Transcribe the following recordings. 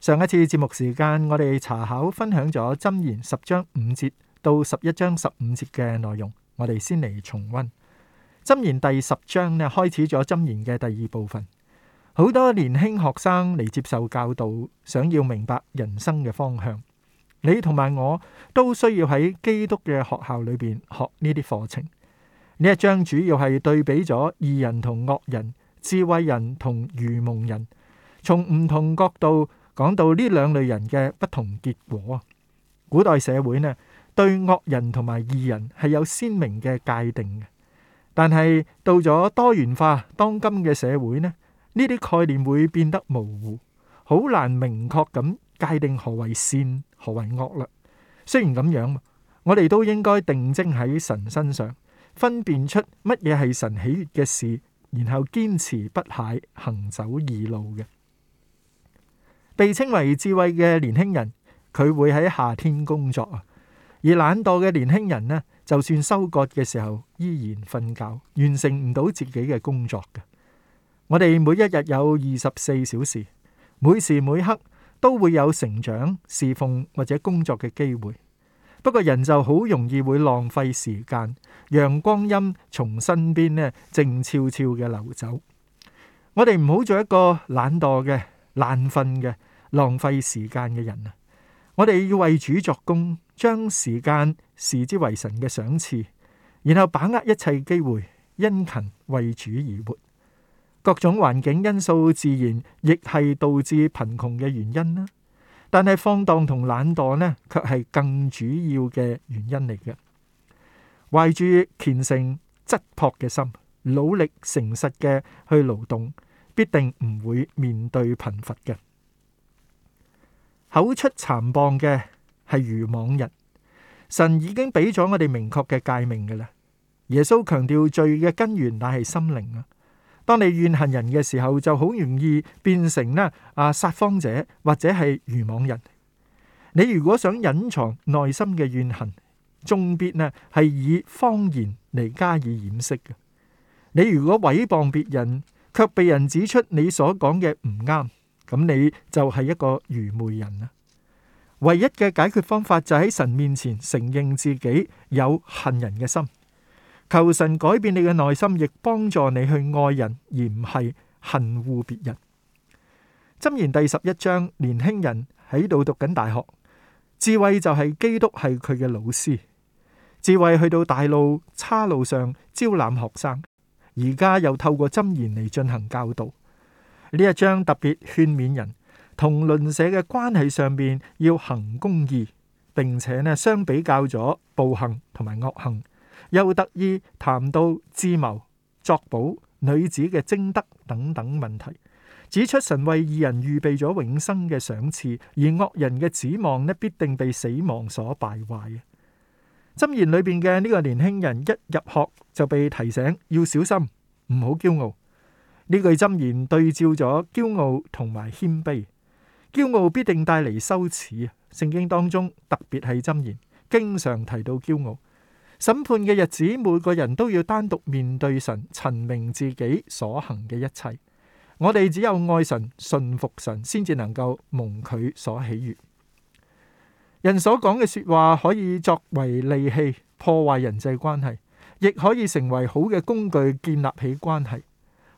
上一次節目時間，我哋查考分享咗《箴言》十章五節到十一章十五節嘅內容。我哋先嚟重温《箴言》第十章呢，開始咗《箴言》嘅第二部分。好多年輕學生嚟接受教導，想要明白人生嘅方向。你同埋我都需要喺基督嘅學校裏邊學呢啲課程。呢一章主要係對比咗義人同惡人、智慧人同愚蒙人，從唔同角度。講到呢兩類人嘅不同結果，古代社會呢對惡人同埋義人係有鮮明嘅界定嘅，但係到咗多元化當今嘅社會呢，呢啲概念會變得模糊，好難明確咁界定何為善何為惡嘞。雖然咁樣，我哋都應該定睛喺神身上，分辨出乜嘢係神喜悅嘅事，然後堅持不懈行走義路嘅。被稱為智慧嘅年輕人，佢會喺夏天工作啊。而懶惰嘅年輕人呢，就算收割嘅時候依然瞓覺，完成唔到自己嘅工作嘅。我哋每一日有二十四小時，每時每刻都會有成長、侍奉或者工作嘅機會。不過人就好容易會浪費時間，讓光陰從身邊呢靜悄悄嘅流走。我哋唔好做一個懶惰嘅、懶瞓嘅。浪費時間嘅人啊，我哋要為主作工，將時間視之為神嘅賞賜，然後把握一切機會，殷勤為主而活。各種環境因素自然亦係導致貧窮嘅原因啦，但係放蕩同懶惰呢，卻係更主要嘅原因嚟嘅。懷住虔誠、質樸嘅心，努力誠實嘅去勞動，必定唔會面對貧乏嘅。走出殘暴嘅係愚妄人，神已經俾咗我哋明確嘅誡命噶啦。耶穌強調罪嘅根源乃係心靈啊。當你怨恨人嘅時候，就好容易變成咧啊殺方者或者係愚妄人。你如果想隱藏內心嘅怨恨，終必咧係以謊言嚟加以掩飾嘅。你如果誹謗別人，卻被人指出你所講嘅唔啱。咁你就係一個愚昧人啊！唯一嘅解決方法就喺神面前承認自己有恨人嘅心，求神改變你嘅內心，亦幫助你去愛人而唔係恨惡別人。箴言第十一章，年輕人喺度讀緊大學，智慧就係基督係佢嘅老師，智慧去到大路岔路上招攬學生，而家又透過箴言嚟進行教導。呢一章特別勸勉人同鄰舍嘅關係上邊要行公義，並且呢相比較咗暴行同埋惡行，又特意談到智謀、作保、女子嘅貞德等等問題，指出神為義人預備咗永生嘅賞賜，而惡人嘅指望呢必定被死亡所敗壞嘅。箴言裏邊嘅呢個年輕人一入學就被提醒要小心，唔好驕傲。呢句箴言對照咗驕傲同埋謙卑，驕傲必定帶嚟羞恥。聖經當中特別係箴言，經常提到驕傲。審判嘅日子，每個人都要單獨面對神，陳明自己所行嘅一切。我哋只有愛神、信服神，先至能夠蒙佢所喜悅。人所講嘅說話可以作為利器，破壞人際關係，亦可以成為好嘅工具，建立起關係。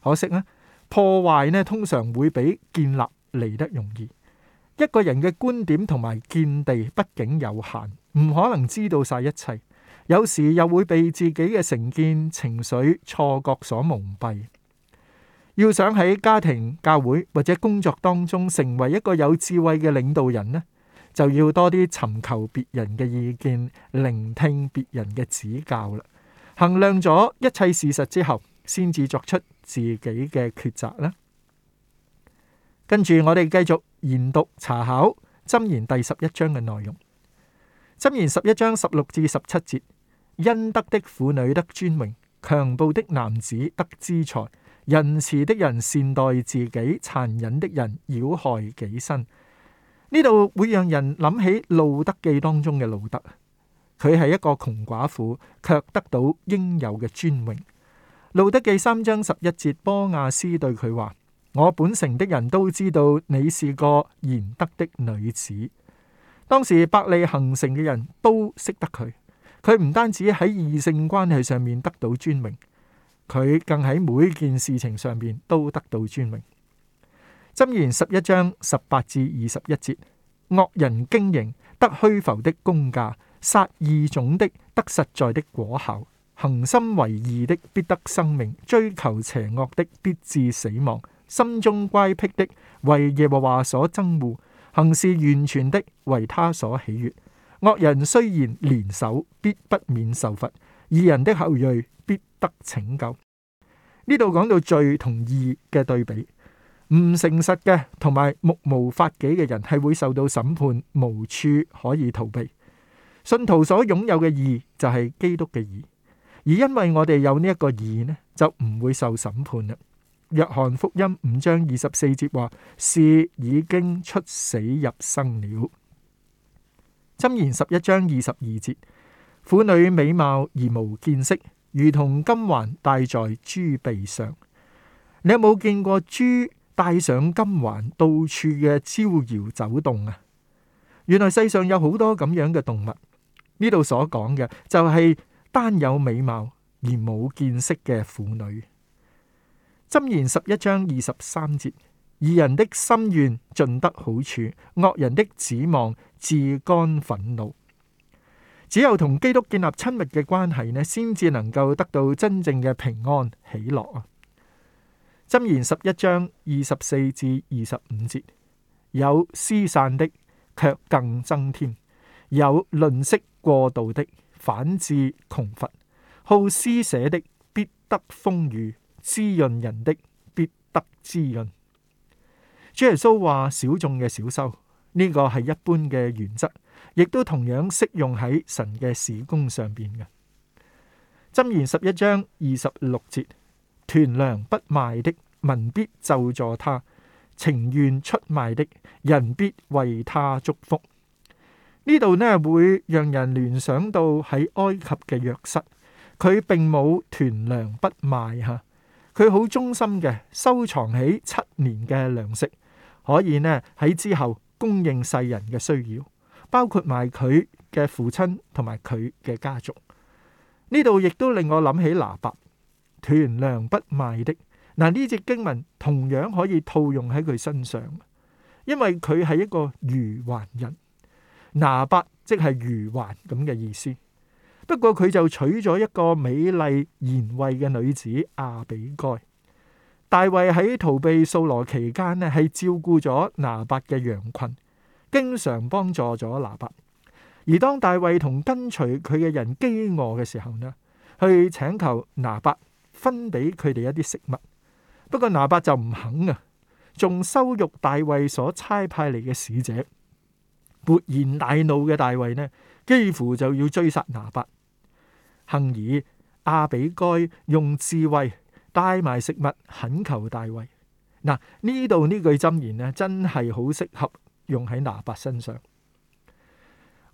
可惜咧、啊，破壞呢通常會比建立嚟得容易。一個人嘅觀點同埋見地畢竟有限，唔可能知道晒一切。有時又會被自己嘅成見、情緒、錯覺所蒙蔽。要想喺家庭、教會或者工作當中成為一個有智慧嘅領導人呢，就要多啲尋求別人嘅意見，聆聽別人嘅指教啦。衡量咗一切事實之後，先至作出自己嘅抉擇啦。跟住我哋繼續研讀查考《箴言》第十一章嘅內容，《箴言》十一章十六至十七節：恩德的婦女得尊榮，強暴的男子得資財；仁慈的人善待自己，殘忍的人擾害己身。呢度會讓人諗起《路德記》當中嘅路德，佢係一個窮寡婦，卻得到應有嘅尊榮。路得記三章十一節，波阿斯對佢話：我本城的人都知道你是個賢德的女子。當時伯利恆城嘅人都識得佢。佢唔單止喺異性關係上面得到尊榮，佢更喺每件事情上面都得到尊榮。《箴言》十一章十八至二十一節：惡人經營得虛浮的工價，撒義種的得實在的果效。恆心為義的，必得生命；追求邪惡的，必至死亡。心中乖僻的，為耶和華所憎惡；行事完全的，為他所喜悦。惡人雖然聯手，必不免受罰；義人的後裔，必得拯救。呢度講到罪同義嘅對比，唔誠實嘅同埋目無法紀嘅人係會受到審判，無處可以逃避。信徒所擁有嘅義就係基督嘅義。而因為我哋有呢一個義呢，就唔會受審判啦。《約翰福音》五章二十四節話：是已經出死入生了。針《箴言》十一章二十二節：婦女美貌而無見識，如同金環戴在豬鼻上。你有冇見過豬戴上金環到處嘅招搖走動啊？原來世上有好多咁樣嘅動物。呢度所講嘅就係、是。單有美貌而冇見識嘅婦女，箴言十一章二十三節：義人的心願盡得好處，惡人的指望致幹忿怒。只有同基督建立親密嘅關係咧，先至能夠得到真正嘅平安喜樂啊！箴言十一章二十四至二十五節：有施散的卻更增添，有吝惜過度的，反治窮乏，好施捨的必得豐裕，滋潤人的必得滋潤。主耶穌話：小眾嘅小收，呢、呢個係一般嘅原則，亦都同樣適用喺神嘅事工上邊嘅。箴言十一章二十六節：屯糧不賣的，民必就助他；情願出賣的，人必為他祝福。呢度呢，會讓人聯想到喺埃及嘅約瑟，佢並冇囤糧不賣吓，佢好忠心嘅收藏起七年嘅糧食，可以呢喺之後供應世人嘅需要，包括埋佢嘅父親同埋佢嘅家族。呢度亦都令我諗起拿八囤糧不賣的，嗱，呢隻經文同樣可以套用喺佢身上，因為佢係一個愚頑人。拿伯即係愚頑咁嘅意思，不過佢就娶咗一個美麗賢惠嘅女子亞比該。大衛喺逃避掃羅期間呢，係照顧咗拿伯嘅羊群，經常幫助咗拿伯。而當大衛同跟隨佢嘅人飢餓嘅時候呢，去請求拿伯分俾佢哋一啲食物，不過拿伯就唔肯啊，仲羞辱大衛所差派嚟嘅使者。勃然大怒嘅大衛呢，幾乎就要追殺拿拔。幸而，亞比該用智慧帶埋食物懇求大衛。嗱，呢度呢句箴言呢，真係好適合用喺拿拔身上。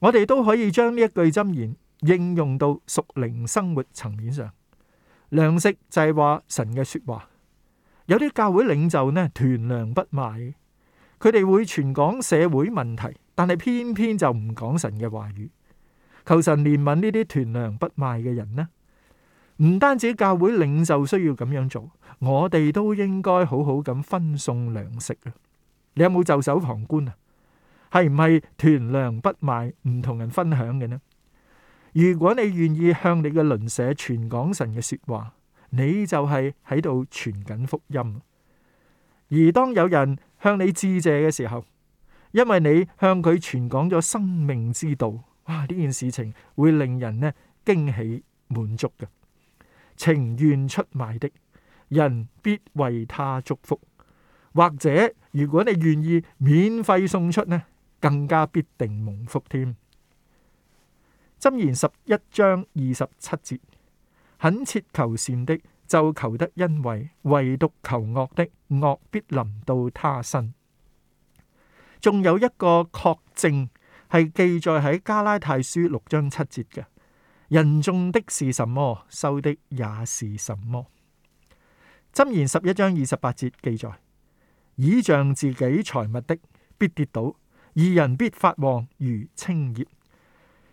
我哋都可以將呢一句箴言應用到屬靈生活層面上。糧食就係話神嘅說話。有啲教會領袖呢，囤糧不賣，佢哋會傳講社會問題。但係偏偏就唔講神嘅話語，求神憐憫呢啲囤糧不賣嘅人呢？唔單止教會領袖需要咁樣做，我哋都應該好好咁分送糧食啊！你有冇袖手旁觀啊？係唔係囤糧不賣，唔同人分享嘅呢？如果你願意向你嘅鄰舍傳講神嘅說話，你就係喺度傳緊福音。而當有人向你致謝嘅時候，因為你向佢傳講咗生命之道，哇！呢件事情會令人呢驚喜滿足嘅。情願出賣的，人必為他祝福，或者如果你願意免費送出呢，更加必定蒙福添。箴言十一章二十七節：懇切求善的，就求得恩惠，唯獨求惡的，惡必臨到他身。仲有一個確證係記載喺加拉太書六章七節嘅，人種的是什麼，收的也是什麼。箴言十一章二十八節記載：倚仗自己財物的，必跌倒；義人必發旺，如青葉。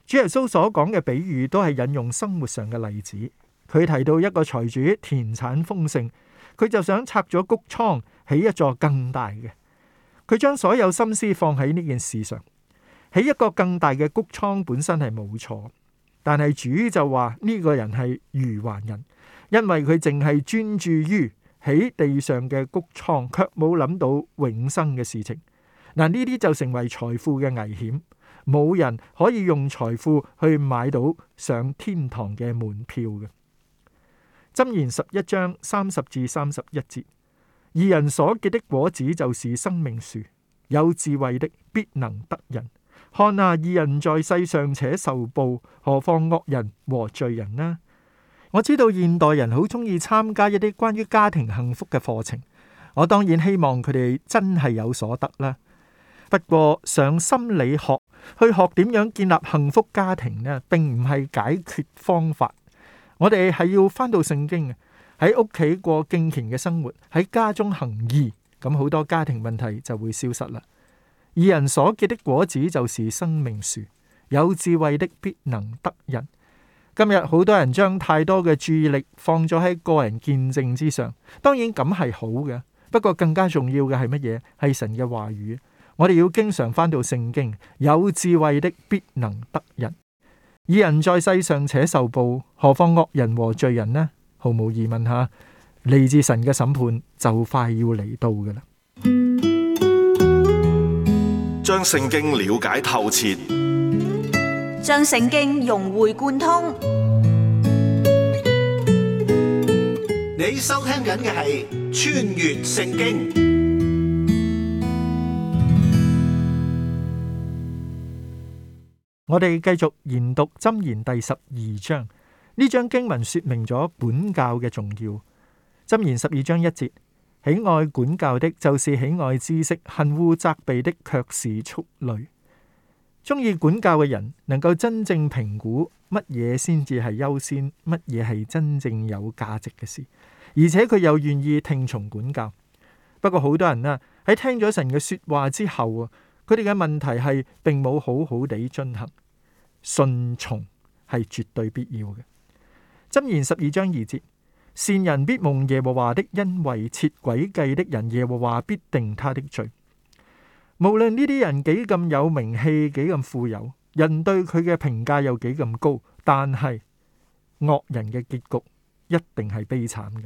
主耶穌所講嘅比喻都係引用生活上嘅例子。佢提到一個財主田產豐盛，佢就想拆咗谷倉起一座更大嘅。佢將所有心思放喺呢件事上，起一個更大嘅穀倉本身係冇錯，但係主就話呢個人係愚頑人，因為佢淨係專注於起地上嘅穀倉，卻冇諗到永生嘅事情。嗱，呢啲就成為財富嘅危險，冇人可以用財富去買到上天堂嘅門票嘅。箴言十一章三十至三十一節。義人所結的果子就是生命樹，有智慧的必能得人。看啊，義人在世上且受報，何況惡人和罪人呢？我知道現代人好中意參加一啲關於家庭幸福嘅課程，我當然希望佢哋真係有所得啦。不過上心理學去學點樣建立幸福家庭呢，並唔係解決方法。我哋係要返到聖經喺屋企過敬虔嘅生活，喺家中行義，咁好多家庭問題就會消失啦。義人所結的果子就是生命樹。有智慧的必能得人。今日好多人將太多嘅注意力放咗喺個人見證之上，當然咁係好嘅，不過更加重要嘅係乜嘢？係神嘅話語。我哋要經常翻到聖經。有智慧的必能得人。義人在世上且受報，何況惡人和罪人呢？毫無疑問吓，嚟自神嘅審判就快要嚟到噶啦。將聖經了解透徹，將聖經融會貫通。你收聽緊嘅係《穿越聖經》，我哋繼續研讀《箴言》第十二章。呢張經文說明咗管教嘅重要。箴言十二章一節：喜愛管教的，就是喜愛知識；恨惡責備的，卻是畜類。中意管教嘅人，能夠真正評估乜嘢先至係優先，乜嘢係真正有價值嘅事，而且佢又願意聽從管教。不過好多人啦，喺聽咗神嘅說話之後，佢哋嘅問題係並冇好好地進行。順從係絕對必要嘅。箴言十二章二節：善人必蒙耶和華的恩惠，設詭計的人，耶和華必定他的罪。無論呢啲人幾咁有名氣，幾咁富有，人對佢嘅評價又幾咁高，但係惡人嘅結局一定係悲慘嘅。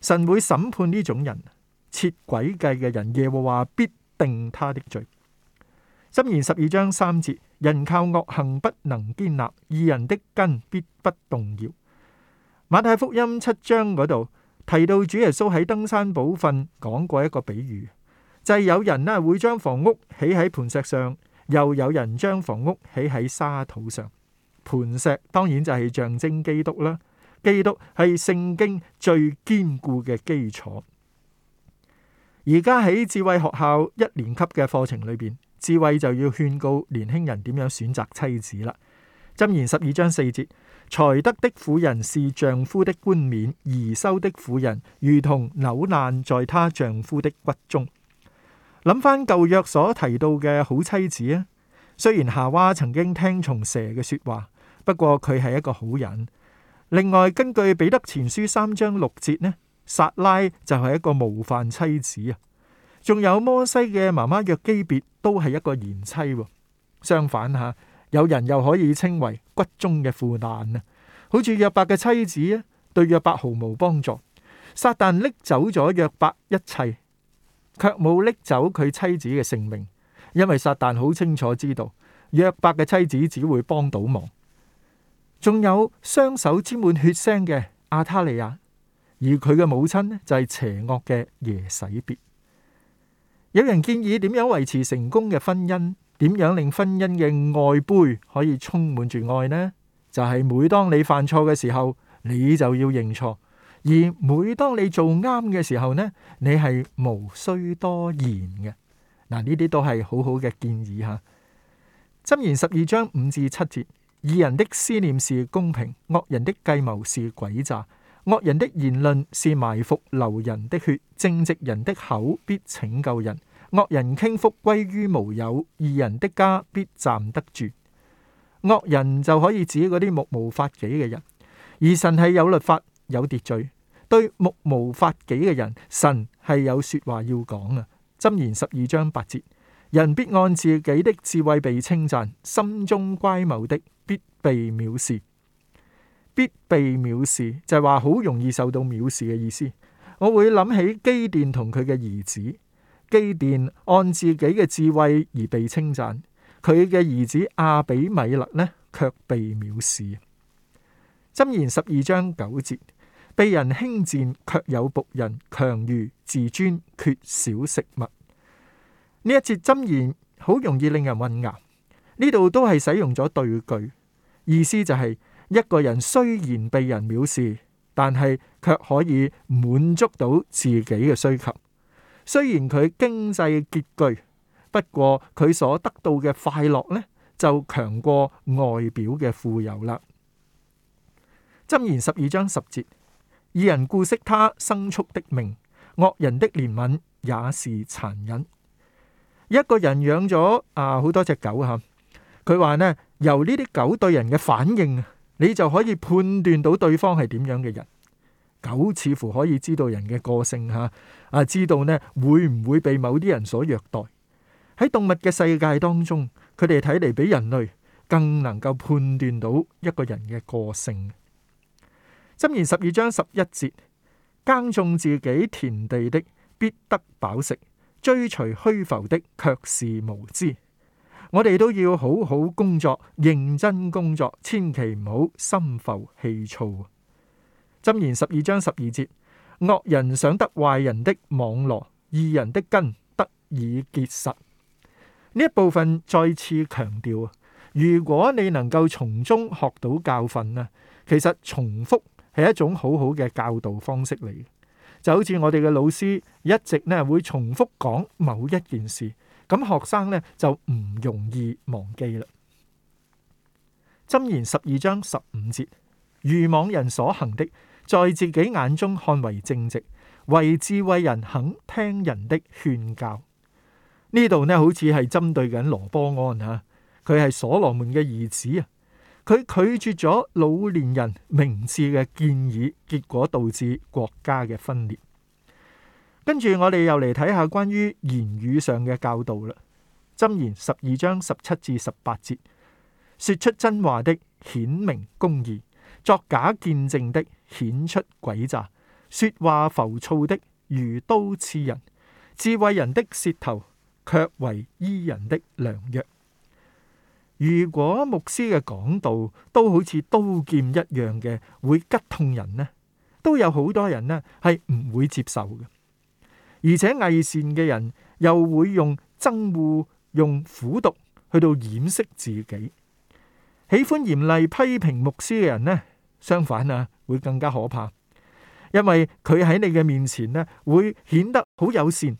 神會審判呢種人，設詭計嘅人，耶和華必定他的罪。箴言十二章三節：人靠惡行不能堅立，義人的根必不動搖。馬太福音七章嗰度提到主耶穌喺登山寶訓講過一個比喻，就係、是、有人咧會將房屋起喺磐石上，又有人將房屋起喺沙土上。磐石當然就係象徵基督啦，基督係聖經最堅固嘅基礎。而家喺智慧學校一年級嘅課程裏邊，智慧就要勸告年輕人點樣選擇妻子啦。箴言十二章四節。財德的婦人是丈夫的冠冕，貽羞的婦人如同朽爛在她丈夫的骨中。諗翻舊約所提到嘅好妻子啊，雖然夏娃曾經聽從蛇嘅說話，不過佢係一個好人。另外，根據彼得前書三章六節呢，撒拉就係一個模範妻子啊。仲有摩西嘅媽媽約基別都係一個賢妻。相反吓，有人又可以稱為。不中嘅負擔啊，好似約伯嘅妻子啊，對約伯毫無幫助。撒旦拎走咗約伯一切，卻冇拎走佢妻子嘅性命，因為撒旦好清楚知道約伯嘅妻子只會幫倒忙。仲有雙手沾滿血腥嘅阿塔利亞，而佢嘅母親就係邪惡嘅耶洗別。有人建議點樣維持成功嘅婚姻？點樣令婚姻嘅愛杯可以充滿住愛呢？就係、是、每當你犯錯嘅時候，你就要認錯；而每當你做啱嘅時候呢，你係無需多言嘅。嗱，呢啲都係好好嘅建議吓。箴言十二章五至七節：義人的思念是公平，惡人的計謀是詭詐，惡人的言論是埋伏流人的血，正直人的口必拯救人。惡人傾覆歸於無有，義人的家必站得住。惡人就可以指嗰啲目無法紀嘅人，而神係有律法、有秩序。對目無法紀嘅人，神係有說話要講啊！箴言十二章八節：人必按自己的智慧被稱讚，心中乖謬的必被藐視，必被藐視就係話好容易受到藐視嘅意思。我會諗起基甸同佢嘅兒子。基甸按自己嘅智慧而被稱讚，佢嘅兒子阿比米勒呢，卻被藐視。箴言十二章九節，被人輕賤，卻有僕人強如自尊，缺少食物。呢一節箴言好容易令人混淆。呢度都係使用咗對句，意思就係一個人雖然被人藐視，但係卻可以滿足到自己嘅需求。雖然佢經濟拮據，不過佢所得到嘅快樂呢，就強過外表嘅富有啦。箴言十二章十節：義人顧惜他牲畜的命，惡人的憐憫也是殘忍。一個人養咗啊好多隻狗吓，佢話呢，由呢啲狗對人嘅反應，你就可以判斷到對方係點樣嘅人。狗似乎可以知道人嘅個性吓，啊，知道呢會唔會被某啲人所虐待？喺動物嘅世界當中，佢哋睇嚟，比人類更能夠判斷到一個人嘅個性。箴言十二章十一節：耕種自己田地的，必得飽食；追隨虛浮的，卻是無知。我哋都要好好工作，認真工作，千祈唔好心浮氣躁！箴言十二章十二節，惡人想得壞人的網羅，義人的根得以結實。呢一部分再次強調，如果你能夠從中學到教訓呢，其實重複係一種好好嘅教導方式嚟嘅，就好似我哋嘅老師一直呢會重複講某一件事，咁學生呢就唔容易忘記啦。箴言十二章十五節，愚妄人所行的，在自己眼中看為正直，為智慧人肯聽人的勸教。呢度呢好似係針對緊羅波安吓，佢、啊、係所羅門嘅兒子啊，佢拒絕咗老年人明智嘅建議，結果導致國家嘅分裂。跟住我哋又嚟睇下關於言語上嘅教導啦。箴言十二章十七至十八節，說出真話的顯明公義。作假見證的顯出詭詐，說話浮躁的如刀刺人，智慧人的舌頭卻為醫人的良藥。如果牧師嘅講道都好似刀劍一樣嘅，會吉痛人呢？都有好多人呢係唔會接受嘅，而且偽善嘅人又會用憎惡、用苦毒去到掩飾自己。喜歡嚴厲批評牧師嘅人呢，相反啊，會更加可怕，因為佢喺你嘅面前呢，會顯得好友善；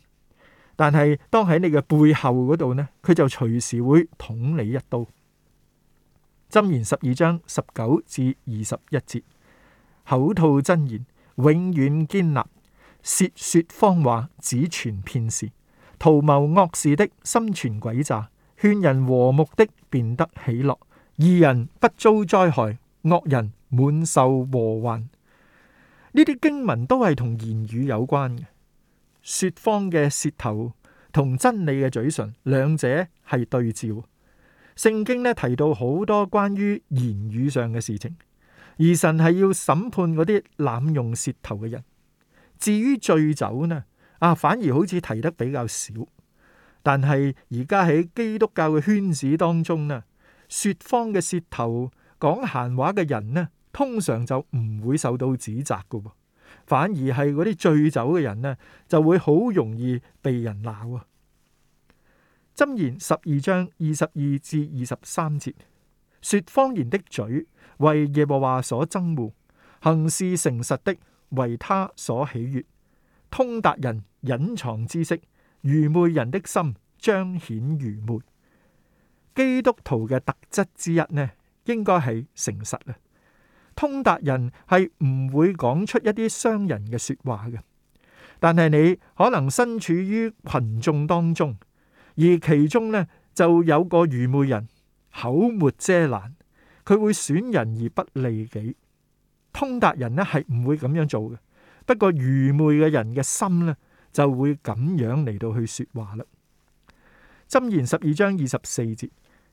但係當喺你嘅背後嗰度呢，佢就隨時會捅你一刀。箴言十二章十九至二十一節：口吐真言，永遠堅立；舌說謊話，只存片時；圖謀惡事的，心存詭詐；勸人和睦的，便得喜樂。義人不遭災害，惡人滿受禍患。呢啲經文都係同言語有關嘅，說謊嘅舌頭同真理嘅嘴唇，兩者係對照。聖經呢提到好多關於言語上嘅事情，而神係要審判嗰啲濫用舌頭嘅人。至於醉酒呢？啊，反而好似提得比較少。但係而家喺基督教嘅圈子當中呢，說謊嘅舌頭，講閒話嘅人呢，通常就唔會受到指責噶，反而係嗰啲醉酒嘅人呢，就會好容易被人鬧啊。箴言十二章二十二至二十三節：說謊言的嘴為耶和華所憎惡，行事誠實的為他所喜悦，通達人隱藏知識，愚昧人的心彰顯愚昧。基督徒嘅特質之一呢，應該係誠實啊。通達人係唔會講出一啲傷人嘅說話嘅，但係你可能身處於群眾當中，而其中呢就有個愚昧人，口沒遮攔，佢會損人而不利己。通達人呢係唔會咁樣做嘅，不過愚昧嘅人嘅心呢就會咁樣嚟到去說話啦。箴言十二章二十四節。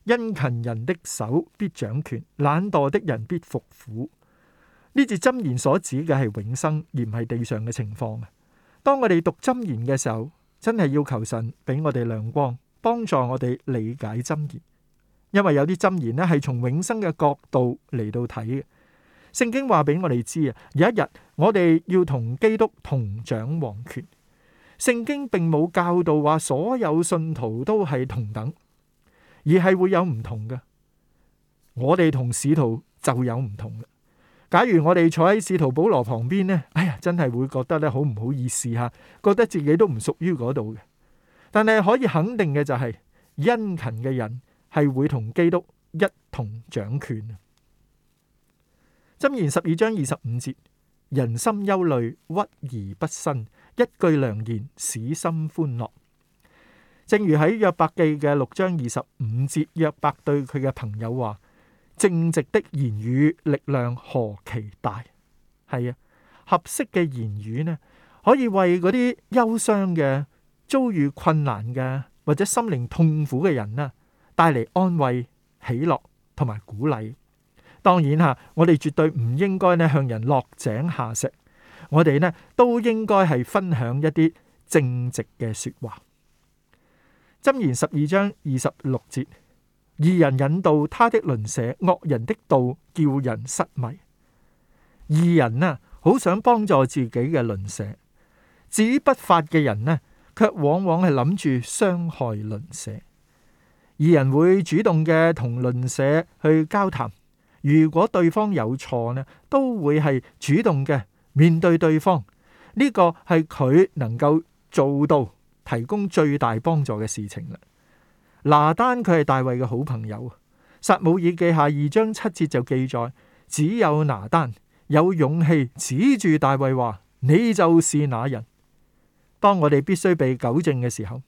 殷勤人的手必掌權，懶惰的人必服苦。呢節箴言所指嘅係永生，而唔係地上嘅情況。當我哋讀箴言嘅時候，真係要求神俾我哋亮光，幫助我哋理解箴言。因為有啲箴言呢係從永生嘅角度嚟到睇嘅。聖經話俾我哋知啊，有一日我哋要同基督同掌王權。聖經並冇教導話所有信徒都係同等。而係會有唔同嘅，我哋同使徒就有唔同嘅。假如我哋坐喺使徒保羅旁邊呢，哎呀，真係會覺得咧好唔好意思吓，覺得自己都唔屬於嗰度嘅。但係可以肯定嘅就係，殷勤嘅人係會同基督一同掌權。箴言十二章二十五節：人心憂慮屈而不伸，一句良言使心歡樂。正如喺《約伯記》嘅六章二十五節，約伯對佢嘅朋友話：正直的言語力量何其大！係啊，合適嘅言語呢，可以為嗰啲憂傷嘅、遭遇困難嘅或者心靈痛苦嘅人呢，帶嚟安慰、喜樂同埋鼓勵。當然吓，我哋絕對唔應該呢向人落井下石，我哋呢都應該係分享一啲正直嘅說話。箴言十二章二十六節，義人引導他的鄰舍，惡人的道叫人失迷。義人呢，好想幫助自己嘅鄰舍，至於不法嘅人呢，卻往往係諗住傷害鄰舍。義人會主動嘅同鄰舍去交談，如果對方有錯呢，都會係主動嘅面對對方。呢個係佢能夠做到。提供最大幫助嘅事情啦。拿單佢係大衛嘅好朋友，撒母耳記下二章七節就記載，只有拿單有勇氣指住大衛話：你就是那人。當我哋必須被糾正嘅時候，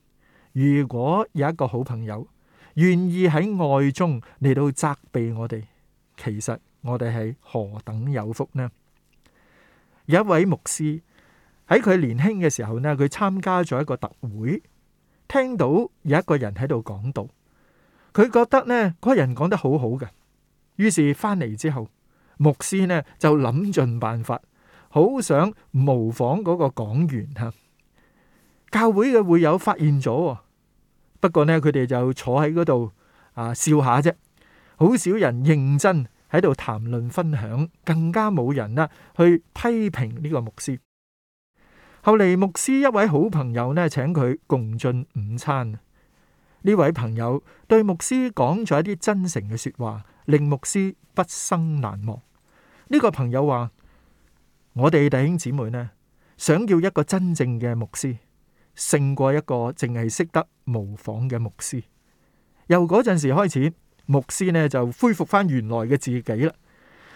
如果有一個好朋友願意喺愛中嚟到責備我哋，其實我哋係何等有福呢？有一位牧師。喺佢年輕嘅時候咧，佢參加咗一個特會，聽到有一個人喺度講道，佢覺得呢個人講得好好嘅，於是翻嚟之後，牧師咧就諗盡辦法，好想模仿嗰個講員吓。教會嘅會友發現咗，不過咧佢哋就坐喺嗰度啊笑下啫，好少人認真喺度談論分享，更加冇人咧去批評呢個牧師。後嚟牧師一位好朋友呢，請佢共進午餐。呢位朋友對牧師講咗一啲真誠嘅說話，令牧師畢生難忘。呢個朋友話：我哋弟兄姊妹呢，想要一個真正嘅牧師，勝過一個淨係識得模仿嘅牧師。由嗰陣時開始，牧師呢就恢復翻原來嘅自己啦。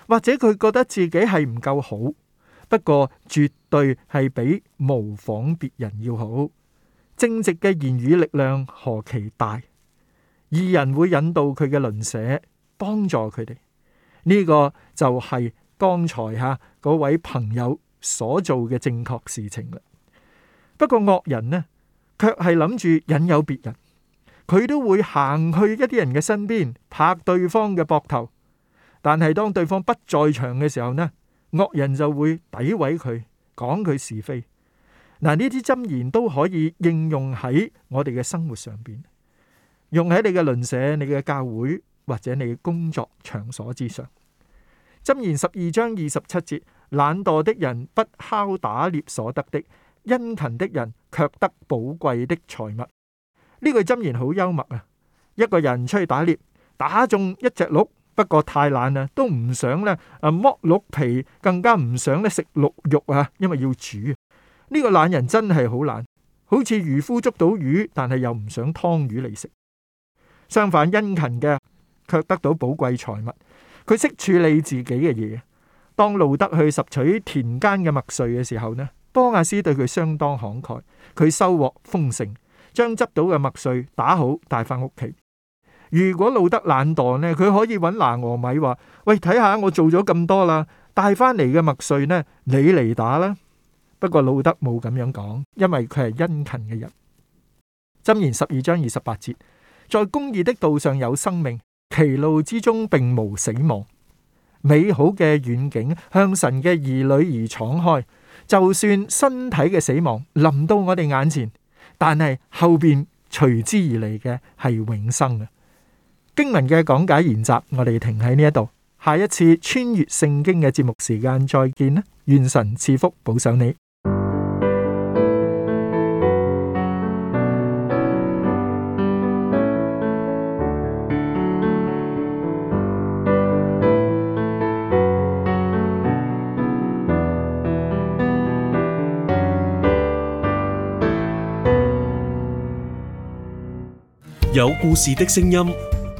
或者佢覺得自己係唔夠好。不過絕對係比模仿別人要好，正直嘅言語力量何其大，義人會引導佢嘅鄰舍，幫助佢哋。呢、這個就係剛才吓嗰位朋友所做嘅正確事情啦。不過惡人呢，卻係諗住引誘別人，佢都會行去一啲人嘅身邊，拍對方嘅膊頭。但係當對方不在場嘅時候呢？惡人就會詆毀佢，講佢是非。嗱，呢啲箴言都可以應用喺我哋嘅生活上邊，用喺你嘅鄰舍、你嘅教會或者你嘅工作場所之上。箴言十二章二十七節：懶惰的人不敲打獵所得的，殷勤的人卻得寶貴的財物。呢句箴言好幽默啊！一個人出去打獵，打中一隻鹿。不過太懶啊，都唔想咧啊剝鹿皮，更加唔想咧食鹿肉啊，因為要煮。呢個懶人真係好懶，好似漁夫捉到魚，但係又唔想劏魚嚟食。相反，殷勤嘅卻得到寶貴財物，佢識處理自己嘅嘢。當路得去拾取田間嘅麥穗嘅時候呢，波阿斯對佢相當慷慨，佢收穫豐盛，將執到嘅麥穗打好帶翻屋企。如果路得懶惰呢，佢可以揾拿俄米話，喂，睇下我做咗咁多啦，帶翻嚟嘅麥穗呢，你嚟打啦。不過路得冇咁樣講，因為佢係殷勤嘅人。箴言十二章二十八節，在公義的道上有生命，其路之中並無死亡。美好嘅遠景向神嘅兒女而敞開。就算身體嘅死亡臨到我哋眼前，但係後邊隨之而嚟嘅係永生啊！經文嘅講解研習，我哋停喺呢一度。下一次穿越聖經嘅節目時間再見啦！願神賜福保守你。有故事的聲音。